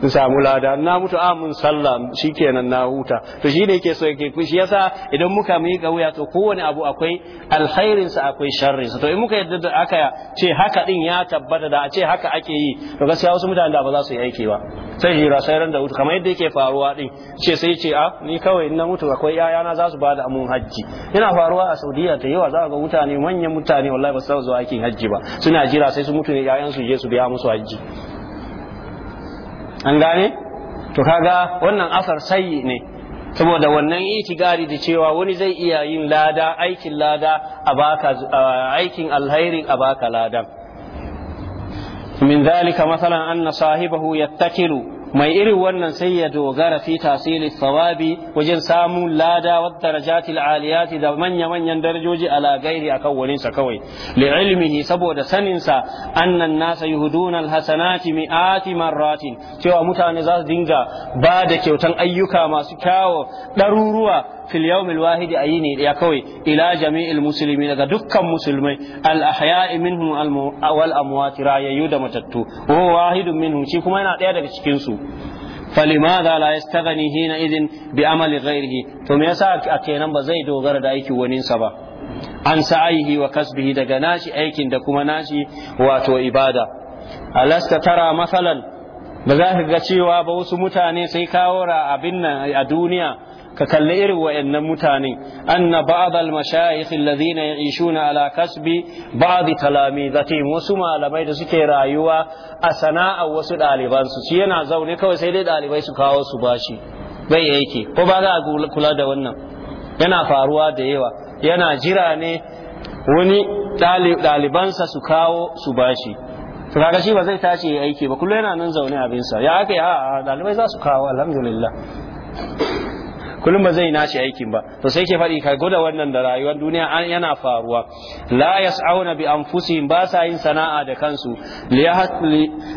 in samu lada na mutu amin ah, sallah shikenan na huta to shine yake so yake shi yasa idan muka yi wuya to kowane abu akwai alkhairin sa akwai sharrin sa to in muka yadda da aka ce haka din ya tabbata da a ce haka ake yi to gaskiya wasu mutane da ba za su yi aiki ba sai hira sai ran da hutu kamar yadda yake faruwa din ce sai ce a ah, ni kawai in na mutu akwai yayana za su ba da amun hajji yana faruwa a saudiya ta yawa za ga mutane manyan mutane wallahi ba su zuwa aikin hajji ba suna jira sai su mutu ne yayan su je su biya musu hajji an gane to kaga wannan asar sayi ne saboda wannan itigari da cewa wani zai iya yin lada aikin lada a baka aikin alhairin a baka ladan min zalika masalan anna sahibahu yattakilu mai irin wannan sai ya dogara fi tasiri sawabi wajen samun lada wa darajatil aliyati da manya manyan darajoji ala gairi kan wurinsa kawai li ilmihi saboda saninsa annan nasa yuhuduna alhasanati mi'ati marratin cewa mutane za su dinga ba da kyautan ayyuka masu kyawo ɗaruruwa fil yawmil wahidi ayini ya kawai ila jami'il muslimi daga dukkan musulmai al ahya'i minhum wal amwat rayayyu da matattu wa wahidun minhum shi kuma yana daya daga cikin su falimada la yastaghni hina idin bi amali ghairihi to me yasa a kenan ba zai dogara da aikin wani sa ba an sa'ihi wa kasbihi daga nashi aikin da kuma nashi wato ibada alasta tara masalan ba za ka ga cewa ba wasu mutane sai kawo ra abin a duniya ka kalli irin wayannan mutane anna ba'd ishu mashayikh alladhina ya'ishuna ala kasbi ba'd talamidatihim wasu malamai da suke rayuwa a sana'a wasu ɗaliban su yana zaune kawai sai dai ɗalibai su kawo su bashi bai yake ko ba za a kula da wannan yana faruwa da yawa yana jira ne wani ɗalibansa su kawo su bashi to kaga shi ba zai tashi ya aiki ba kullum yana nan zaune abinsa ya aka yi a ɗalibai za su kawo alhamdulillah kullum ba zai nashi aikin ba to sai ke faɗi ka gwada wannan da rayuwar duniya yana faruwa la yas'auna bi anfusihim ba sa yin sana'a da kansu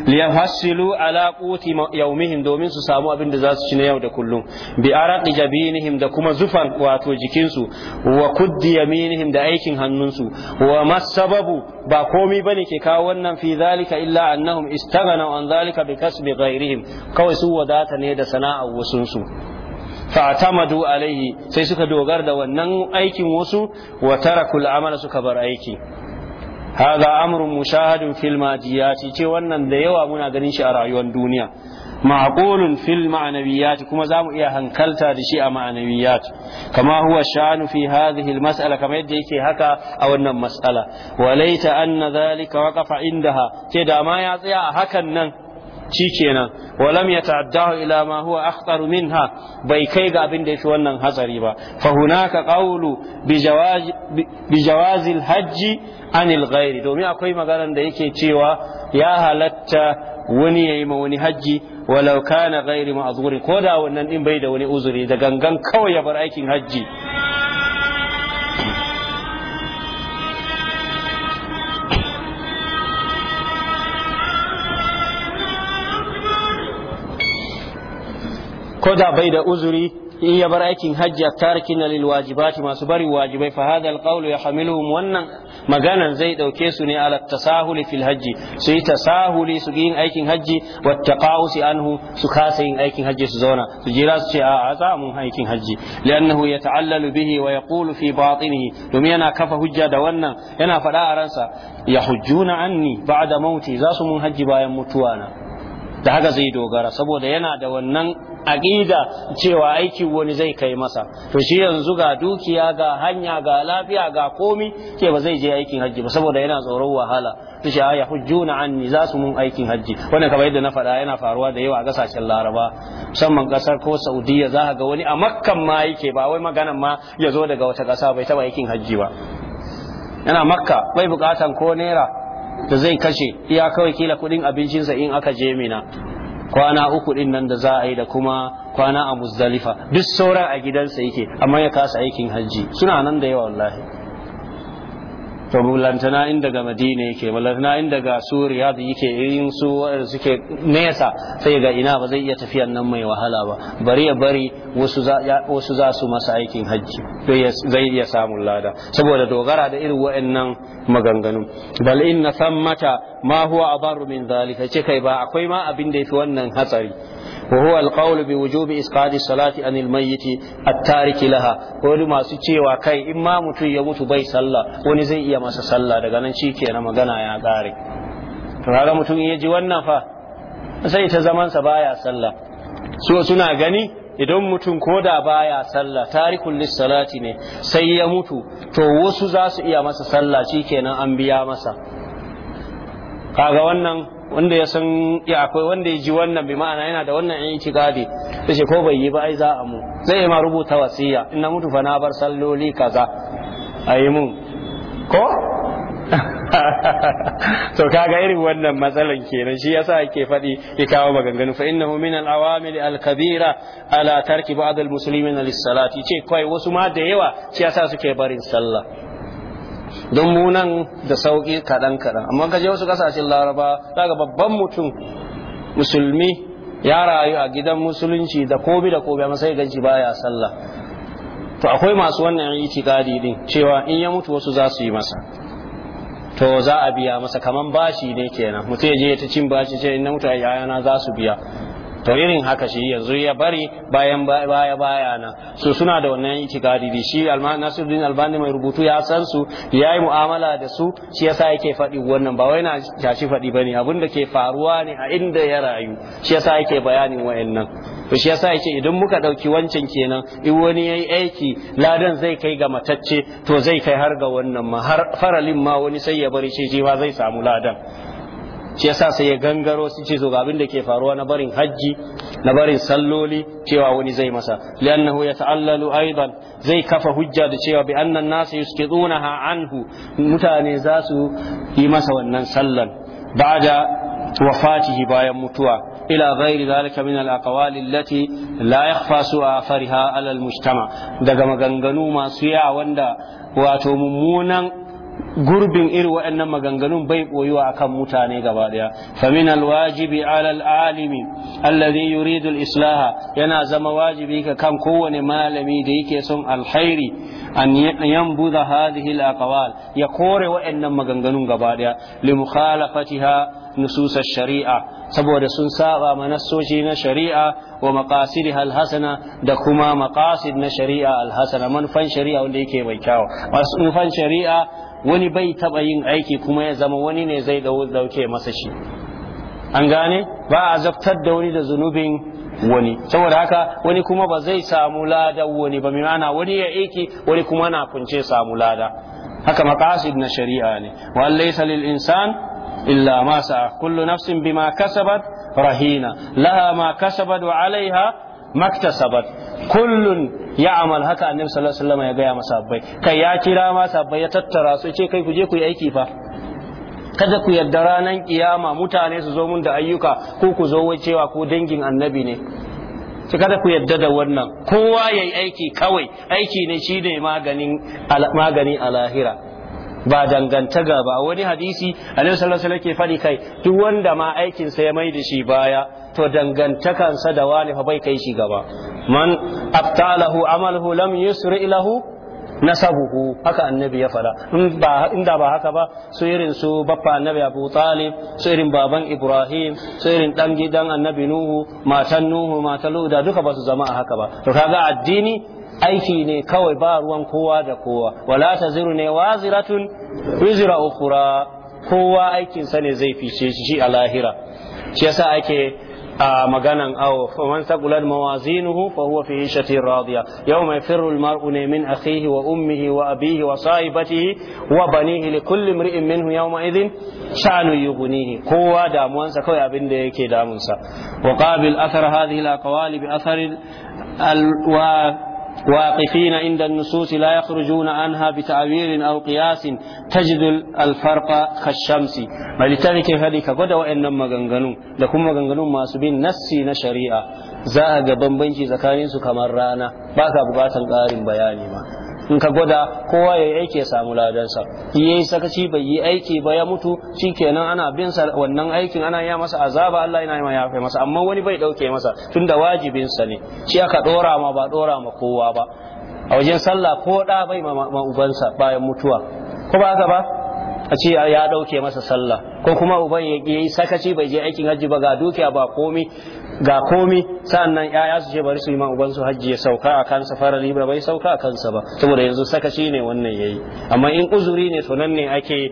liyahassilu ala quti yaumihim domin su samu abin da za su ci na yau da kullum bi araqi jabinihim da kuma zufan wato jikinsu wa kuddi yaminihim da aikin hannunsu wa masababu ba komai bane ke kawo wannan fi zalika illa annahum istaghna an zalika bi kasbi ghairihim kawai su wadata ne da sana'a wasunsu fa'tamadu alaihi sai suka dogara da wannan aikin wasu wa tarakul amala suka bar aiki Haga amrun mushahadun fil madiyati ce wannan da yawa muna ganin shi a rayuwar duniya ma'qulun fil ma'nawiyat kuma zamu iya hankalta da shi a ma'nawiyat kama huwa sha'nu fi hadhihi al mas'ala kamar yadda yake haka a wannan matsala. walaita anna dhalika waqafa ha ce da ma ya tsaya a hakan nan kenan walam yata'addahu ila ma huwa akhtar minha bai kai ga abin da yafi wannan hatsari ba fa hunaka qawlu bi jawaz bi hajji anil ghairi domin akwai maganar da yake cewa ya halatta wani yayi ma wani hajji walau kana ghairi ma'zuri ko da wannan din bai da wani uzuri da gangan kawai ya bar aikin hajji ko da bai da uzuri in ya bar aikin hajji a tarikin na lil masu barin wajibai fa hadha ya qawlu yahmiluhum wannan maganan zai dauke su ne ala tasahuli fil hajji su yi tasahuli su yin aikin hajji wa taqawusi anhu su kasa yin aikin hajji su zauna su jira su ce a za mu aikin hajji li'annahu yata'allalu bihi wa yaqulu fi batinihi domin yana kafa hujja da wannan yana faɗa a ransa yahujjuna anni ba'da mauti za su mun hajji bayan mutuwana da haka zai dogara saboda yana da wannan aƙida cewa aikin wani zai kai masa to shi yanzu ga dukiya ga hanya ga lafiya ga komi ke ba zai je aikin hajji ba saboda yana tsoron wahala to shi ya hujjuna anni za su mun aikin hajji wannan kamar yadda na faɗa yana faruwa da yawa a kasashen Laraba musamman kasar ko Saudiya za ga wani a Makkan ma yake ba wai maganan ma ya zo daga wata ƙasa bai taɓa aikin hajji ba yana Makka bai buƙatan ko naira da zai kashe iya kawai kila kudin abincinsa in aka je mina kwana uku din nan da za a yi da kuma kwana a muzdalifa duk saura a gidansa yake amma ya kasa aikin hajji suna nan da yawa wallahi to bulantana in daga madina yake bulantana in daga suriya da yake yin su waɗanda suke nesa sai ga ina ba zai iya tafiyan nan mai wahala ba bari ya bari wasu za su masa aikin hajji zai iya samun lada saboda dogara da irin wa'annan maganganu bal inna sammata ma huwa abaru min zalika ce kai ba akwai ma abin da yafi wannan hatsari وهو القول بوجوب إسقاط الصلاة عن الميت التارك لها wani masu cewa kai in ma mutum ya mutu bai sallah wani zai iya masa sallah daga nan shi ke na magana ya kare. to kaga mutum ya ji wannan fa sai ta zamansa baya sallah so suna gani idan mutum ko da baya sallah tarikul lissalati ne sai ya mutu to wasu za su iya masa sallah shikenan an biya masa kaga wannan wanda ya san ya akwai wanda ya ji wannan bi ma'ana yana da wannan in itikadi sai ce ko bai yi ba ai za a mu zai ma rubuta wasiya in na mutu fa na bar salloli kaza yi mun ko so kaga irin wannan matsalan kenan shi yasa yake faɗi ya kawo maganganu fa innahu min al-awamil al-kabira ala tarki ba'd al-muslimin lis-salati ce kai wasu ma da yawa shi yasa suke barin sallah don mu nan da sauƙi kaɗan kaɗan amma kaje wasu ƙasashen laraba daga babban mutum musulmi ya rayu a gidan musulunci da kobi da kobi amma sai ganci baya sallah to akwai masu wannan itikadi din cewa in ya mutu wasu za su yi masa to za a biya masa kaman bashi ne kenan mutum ya je ta cin bashi ce in na mutu a yayana za su biya to irin haka shi yanzu ya bari bayan baya baya na su suna da wannan itikadi da shi Nasiruddin Albani mai rubutu ya san su ya yi mu'amala da su shi yasa yake faɗi wannan ba wai na shashi faɗi bane abin da ke faruwa ne a inda ya rayu shi yasa yake bayanin nan. to shi yasa yake idan muka ɗauki wancan kenan in wani ya yi aiki ladan zai kai ga matacce to zai kai har ga wannan ma har faralin ma wani sai ya bari shi ma zai samu ladan shi yasa sai ya gangaro su ce to ga abin da ke faruwa na barin hajji na barin salloli cewa wani zai masa li'annahu yata'allalu aidan zai kafa hujja da cewa bi annan nasu yusqidunaha anhu mutane za su yi masa wannan sallan ba'da wafatihi bayan mutuwa ila ghairi zalika min al-aqwali allati la yakhfa su'afariha ala al-mujtama daga maganganu masu ya wanda wato mummunan gurbin iri waɗannan maganganun bai ɓoyuwa akan mutane gaba ɗaya famin alwajibi alal alimi alladhi yuridu islaha yana zama wajibi ka kan kowane malami da yake son alhairi an buda hadhihi alaqwal ya kore waɗannan maganganun gaba ɗaya li mukhalafatiha nusus sharia saboda sun saba manassoci na shari'a wa maqasidha alhasana da kuma maqasid na shari'a alhasana manufan shari'a wanda yake mai kyawu manfan shari'a wani bai taɓa yin aiki kuma ya zama wani ne zai dauke masa shi an gane ba a zaftar da wani da zunubin wani saboda haka wani kuma ba zai samu lada wani ba mimana wani ya aiki wani kuma na kunce samu lada haka maqasid na shari'a ne wa laysa lil insan illa ma sa'a kullu nafsin bima kasabat rahina laha ma kasabat wa alaiha maktasabat kullun ya amal haka annabi sallallahu alaihi wasallam ya gaya masa sahabbai kai ya kira ma sahabbai ya tattara su ce kai ku je ku yi aiki fa kada ku yarda ranar kiyama mutane su zo mun da ayyuka ko ku zo cewa ko dangin annabi ne ki kada ku yarda da wannan kowa yayi aiki kawai aiki ne shi ne maganin maganin a lahira ba dangantaka ba wani hadisi annabi sallallahu ke fadi kai duk wanda ma aikin sa ya mai da shi baya to dangantakansa da wani fa bai kai shi gaba man abtalahu amaluhu lam yusri ilahu nasabuhu haka annabi ya fada inda ba haka ba su irin su baffa annabi abu talib su irin baban ibrahim su irin dan gidan annabi nuhu matan nuhu matan da duka ba su zama a haka ba to kaga addini aiki ne kawai ba ruwan kowa da kowa wala ziru ne waziratun wizra ukura kowa aikinsa ne zai fice shi a lahira shi yasa ake a maganan awo faman saqulat mawazinuhu fa huwa fi ishatin radiya yawma yafirru almar'u min akhihi wa ummihi wa abihi wa sahibatihi wa banihi li kulli imri'in minhu yawma idhin sha'nu yughnihi kowa damuwansa kawai abin da yake damunsa wa qabil athar hadhihi alaqwali bi athar alwa. واقفين عند النصوص لا يخرجون عنها بتعبير أو قياس تجد الفرق كالشمس ولذلك هذيك قد وإن مغنغنو لكم مغنغنو ما سبين نسي نشريعة زاء بمبنشي زكانين سكمرانا باكا بقاتا قارن بياني ما in ka gwada kowa ya yi aiki ya samu ladansa ya yi sakaci bai yi aiki ba ya mutu shikenan ana bin sa wannan aikin ana ya masa azaba Allah yana ya masa amma wani bai dauke masa tun wajibin sa ne shi aka dora ma ba dora ma kowa ba a wajen sallah ko da bai ma ubansa bayan mutuwa ko ba haka ba a ce ya ɗauke masa sallah ko kuma uban ya yi sakaci bai je aikin hajji ba ga dukiya ba komi ga komi sa'annan yaya su ce bari su yi ma uban su hajji ya sauka a kansa safara libra bai sauka a kansa ba saboda yanzu sakaci ne wannan yayi amma in uzuri ne to nan ne ake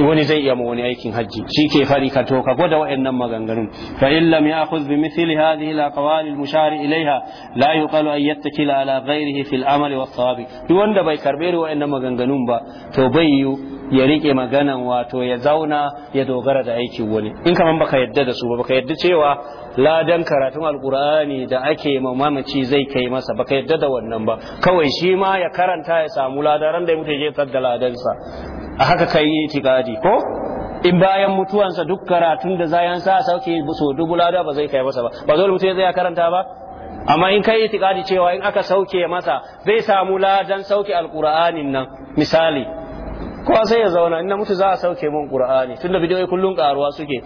wani zai iya wani aikin hajji shi ke fari ka to ka gwada wa'annan maganganun fa in lam ya'khudh bi mithli hadhihi al-aqwal al-mushar ilayha la yuqalu an yattakila ala ghayrihi fil amali was-sawabi duk wanda bai karbe wa'annan maganganun ba to bai yi ya rike maganan wato ya zauna ya dogara da aikin wani in kaman baka yadda da su ba baka yadda cewa ladan karatun alkur'ani da ake ma mamaci zai kai masa baka yadda da wannan ba kawai shi ma ya karanta ya samu ladaran da ya mutu ya da ladansa a haka kai itikadi ko in bayan mutuwansa duk karatun da zayan sa sauke so dubu lada ba zai kai masa ba ba mutu mutum zai karanta ba amma in kai itikadi cewa in aka sauke masa zai samu ladan sauke alkur'anin nan misali kowa sai ya zauna ina mutu za a sauke mun tun tunda bidiyoyi kullum karuwa suke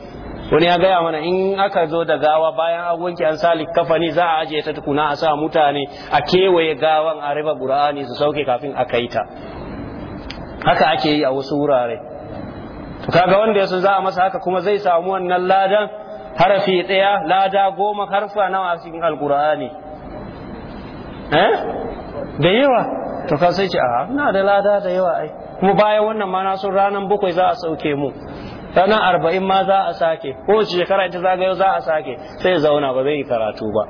wani ya gaya mana in aka zo da gawa bayan an an salik kafani za a ajiye ta tukuna a sa mutane a kewaye gawan a riba qur'ani su sauke kafin a kai ta haka ake yi a wasu wurare to kaga wanda ya za a masa haka kuma zai samu wannan ladan harafi ɗaya lada goma harfa nawa cikin alqur'ani eh? da yawa to ka sai ce a na da lada da yawa ai kuma bayan wannan ma na sun ranar bakwai za a sauke mu ranar arba'in ma za a sake ko shekara ita yau za a sake sai zauna ba zai yi karatu ba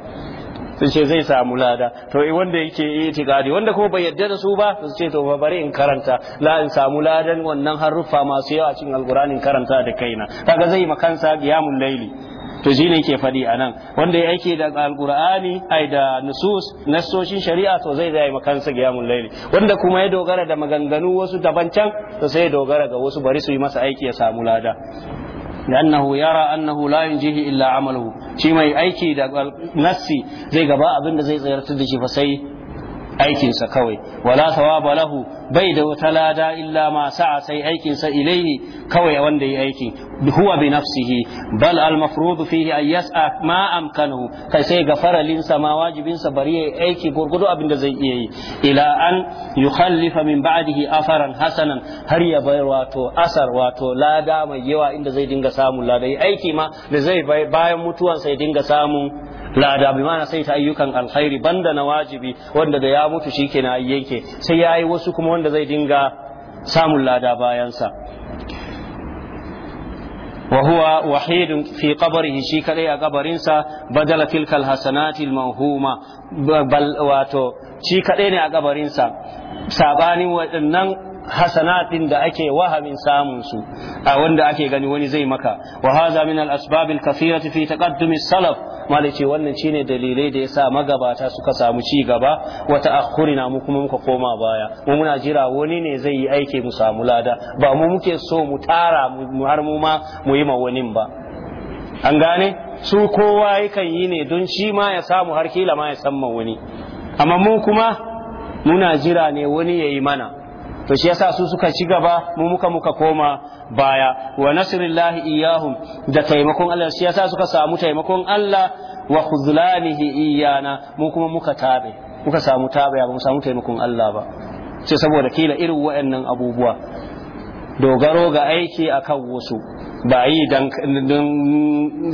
sun ce zai samu lada to eh, wanda yake itikadi wanda kuma bai yarda da su ba su ce to ba bari in karanta la in samu ladan wannan haruffa masu yawa cikin alqur'anin karanta da kaina kaga zai makansa qiyamul laili to shi ne ke faɗi a nan wanda ya aike da alkur'ani ai da nusus nassoshin shari'a to zai zai makansa mun laili wanda kuma ya dogara da maganganu wasu daban can to sai dogara ga wasu bari su yi masa aiki ya samu lada لأنه يرى أنه لا ينجيه إلا عمله mai ما يأيكي نسي زي gaba abinda زي زي رتد شي فسي aikinsa kawai wala thawaba lahu bai da wata lada illa ma sa'a sai aikinsa ilaihi kawai wanda yi aikin huwa bi nafsihi bal al mafrud fihi an yas'a ma amkanahu kai sai gafaralin sa ma wajibin sa bari yayi aiki gurgudu abin da zai iya yi ila an yukhallifa min ba'dihi afaran hasanan har ya bai wato asar wato lada mai yawa inda zai dinga samun lada aiki ma da zai bayan mutuwan sai dinga samun lada bi mana saita ayyukan alkhairi banda na wajibi wanda da ya mutu shikenan ayi yake sai ya yi wasu kuma wanda zai dinga samun lada bayansa. sa wahidun fi kabari shi kadai a kabarin badala tilkal hasanati almawhuma bal wato shi kadai ne a kabarin sa sabanin waɗannan hasanatin da ake wahamin samun su a wanda ake gani wani zai maka wa haza min al asbab al kathira fi taqaddum as salaf malaci wannan shine dalilai da yasa magabata suka samu ci gaba wa ta'akhurina mu kuma muka koma baya mu muna jira wani ne zai yi aiki mu samu lada ba mu muke so mu tara mu har mu ma mu yi ma wani ba an gane su kowa yakan yi ne don shi ma ya samu har kila ma ya samma wani amma mu kuma muna jira ne wani ya yi mana to shi yasa su suka ci gaba mu muka muka koma baya wa nasrillahi iyyahu da taimakon Allah shi yasa suka samu taimakon Allah wa khuzlanihi iyana mu kuma muka tabe muka samu tabe ba mu samu taimakon Allah ba sai saboda kila irin waɗannan abubuwa dogaro ga aiki akan wasu ba yi dan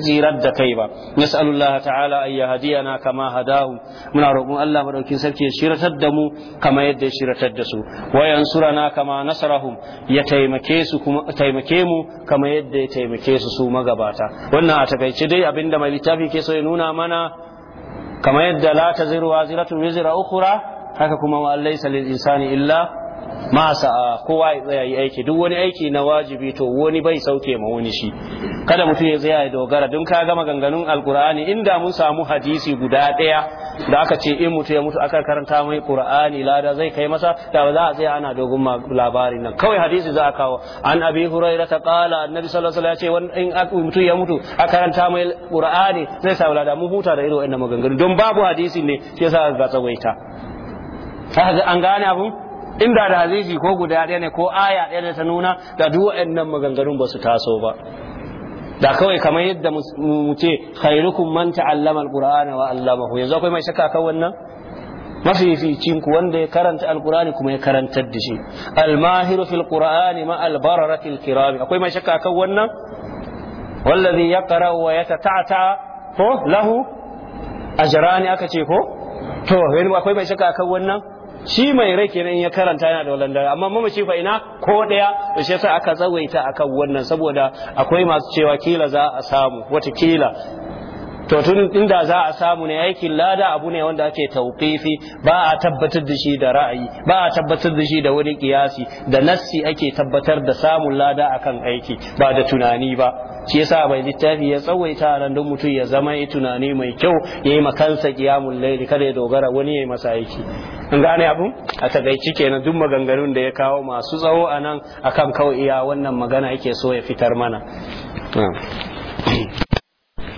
zirar da kai ba nas'alullah ta'ala ayya hadiyana kama hadahu muna roƙon Allah madaukin sarki ya shiratar da mu kama yadda ya shiratar da su wayan surana kama nasarahum ya taimake su kuma taimake mu kama yadda ya taimake su su magabata wannan a takaice dai abinda mai littafi ke so ya nuna mana kama yadda la taziru ziratu wizra ukhra haka kuma wa laysa lil insani illa masa kowa ya tsaya yi aiki duk wani aiki na wajibi to wani bai sauke ma wani shi kada mutum ya tsaya ya dogara don ka gama ganganun alkur'ani inda mun samu hadisi guda daya da aka ce in mutum ya mutu aka karanta mai qur'ani lada zai kai masa da za a tsaya ana dogon labarin nan kawai hadisi za a kawo an abi huraira ta qala annabi sallallahu alaihi wasallam ya ce in mutum ya mutu aka karanta mai qur'ani zai samu lada mu huta da irin wannan maganganu don babu hadisi ne shi yasa ga tsawaita an gane abun inda da hadisi ko guda ɗaya ne ko aya ɗaya da ta nuna da duk waɗannan maganganun ba su taso ba da kawai kamar yadda mu ce khairukum man ta'allama alqur'ana wa allamahu yanzu akwai mai shakka kan wannan mafificin ku wanda ya karanta alqur'ani kuma ya karantar da shi almahiru fil qur'ani ma albararatil kiram akwai mai shakka kan wannan wallazi yaqra wa yatata'ta ko lahu ajrani aka ce ko to akwai mai shakka kan wannan shi mai rai kenan ya karanta yana da walandar amma mamaci fa ina ko daya to shi yasa aka tsawaita akan wannan saboda akwai masu cewa kila za a samu wata kila to tun inda za a samu ne aikin lada abu ne wanda ake tauqifi ba a tabbatar da shi da ra'ayi ba a tabbatar da shi da wani kiyasi da nassi ake tabbatar da samun lada akan aiki ba da tunani ba shi yasa mai littafi ya tsawaita ran don mutum ya zama ya tunani mai kyau ya yi makansa kiyamun laili kada ya dogara wani ya yi masa aiki an gane abu a takaici kenan duk maganganun da ya kawo masu tsawo a nan akan kawai iya wannan magana yake so ya fitar mana